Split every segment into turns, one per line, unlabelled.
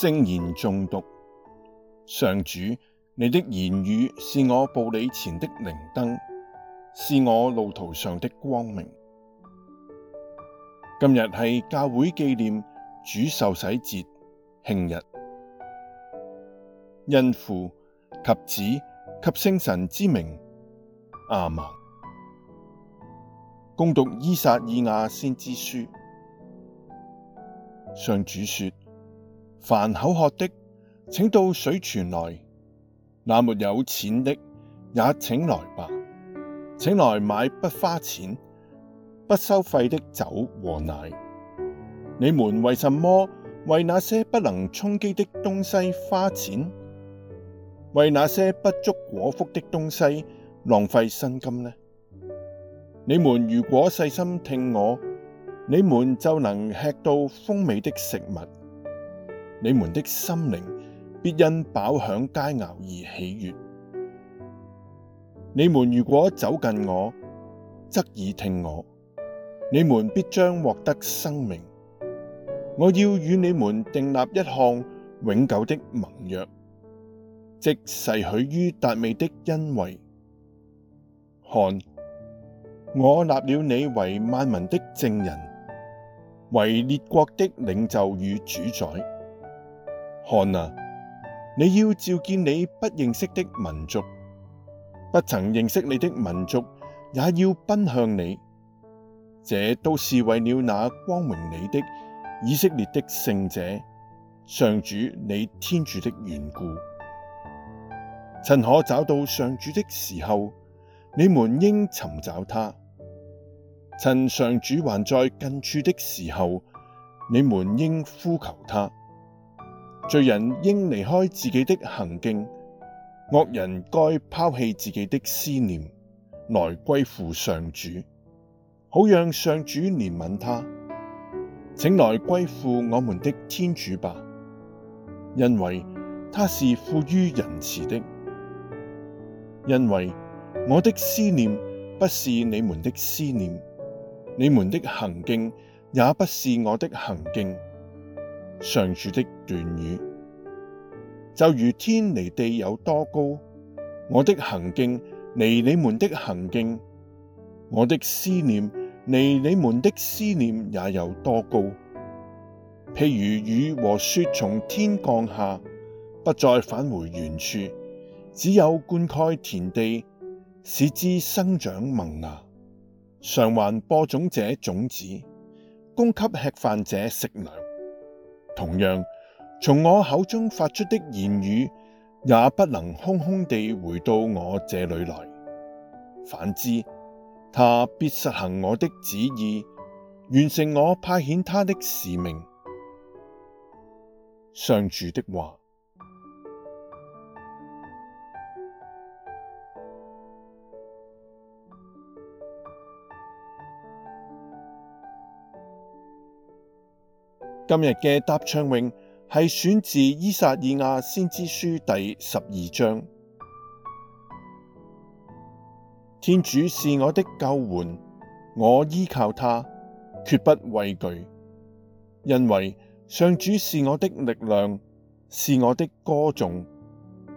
聖言誦讀。上主，你的言語是我步履前的明燈，是我路途上的光明。今日係教會紀念主受洗節慶日，因父及子及聖神之名，阿們。恭讀《依撒意亞先知書》，上主說。凡口渴的，請到水泉來；那沒有錢的也請來吧，請來買不花錢、不收費的酒和奶。你們為什麼為那些不能充飢的東西花錢，為那些不足果腹的東西浪費薪金呢？你們如果細心聽我，你們就能吃到豐美的食物。你們的心靈必因飽享佳餚而喜悅。你們如果走近我，側耳聽我，你們必將獲得生命。我要與你們訂立一項永久的盟約，即誓許於達味的恩惠。看，我立了你為萬民的證人，為列國的領袖與主宰。看啊！你要召見你不認識的民族，不曾認識你的民族，也要奔向你。這都是為了那光榮你的以色列的聖者，上主你天主的緣故。趁可找到上主的時候，你們應尋找他；趁上主還在近處的時候，你們應呼求他。罪人應離開自己的行徑，惡人該拋棄自己的思念，來歸附上主，好讓上主憐憫他。請來歸附我們的天主吧，因為他是富於仁慈的。因為我的思念不是你們的思念，你們的行徑也不是我的行徑。上主的斷語，就如天離地有多高，我的行徑離你們的行徑，我的思念離你們的思念也有多高。譬如雨和雪從天降下，不再返回原處，只有灌溉田地，使之生長萌芽，償還播種者種子，供給吃飯者食糧。同樣，從我口中發出的言語，也不能空空地回到我這裏來。反之，他必實行我的旨意，完成我派遣他的使命。上主的話。今日嘅答唱詠係選自《依撒意亞先知書》第十二章。天主是我的救援，我依靠他，決不畏懼。因為上主是我的力量，是我的歌頌，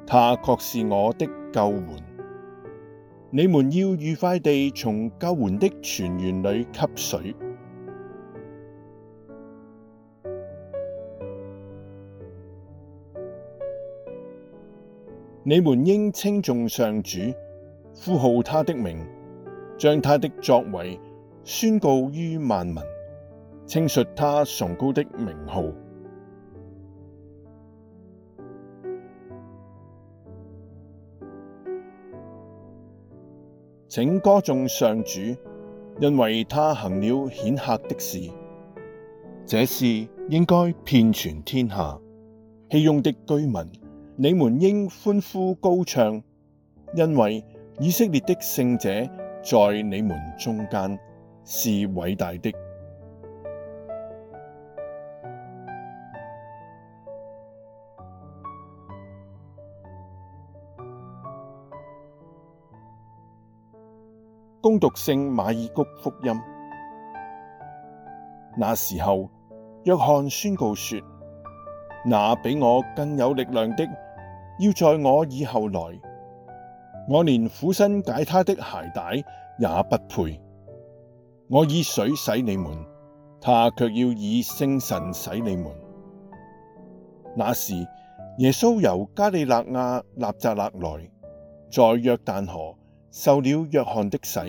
他確是我的救援。你們要愉快地從救援的泉源裏汲水。你們應稱頌上主，呼號他的名，將他的作為宣告於萬民，稱述他崇高的名號。請歌頌上主，因為他行了顯赫的事，這事應該遍傳天下，熙雍的居民。你們應歡呼高唱，因為以色列的聖者在你們中間是偉大的。恭讀聖馬爾谷福音。那時候，若翰宣告說：“那比我更有力量的。”要在我以後來，我連俯身解他的鞋帶也不配。我以水洗你們，他卻要以聖神洗你們。那時，耶穌由加里肋亞納匝肋來，在約但河受了若翰的洗。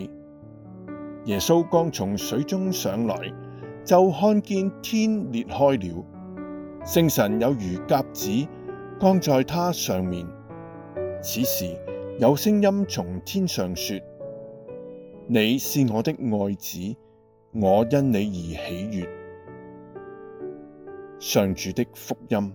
耶穌剛從水中上來，就看見天裂開了，聖神有如鴿子，降在他上面。此時有聲音從天上說：你是我的愛子，我因你而喜悅。上主的福音。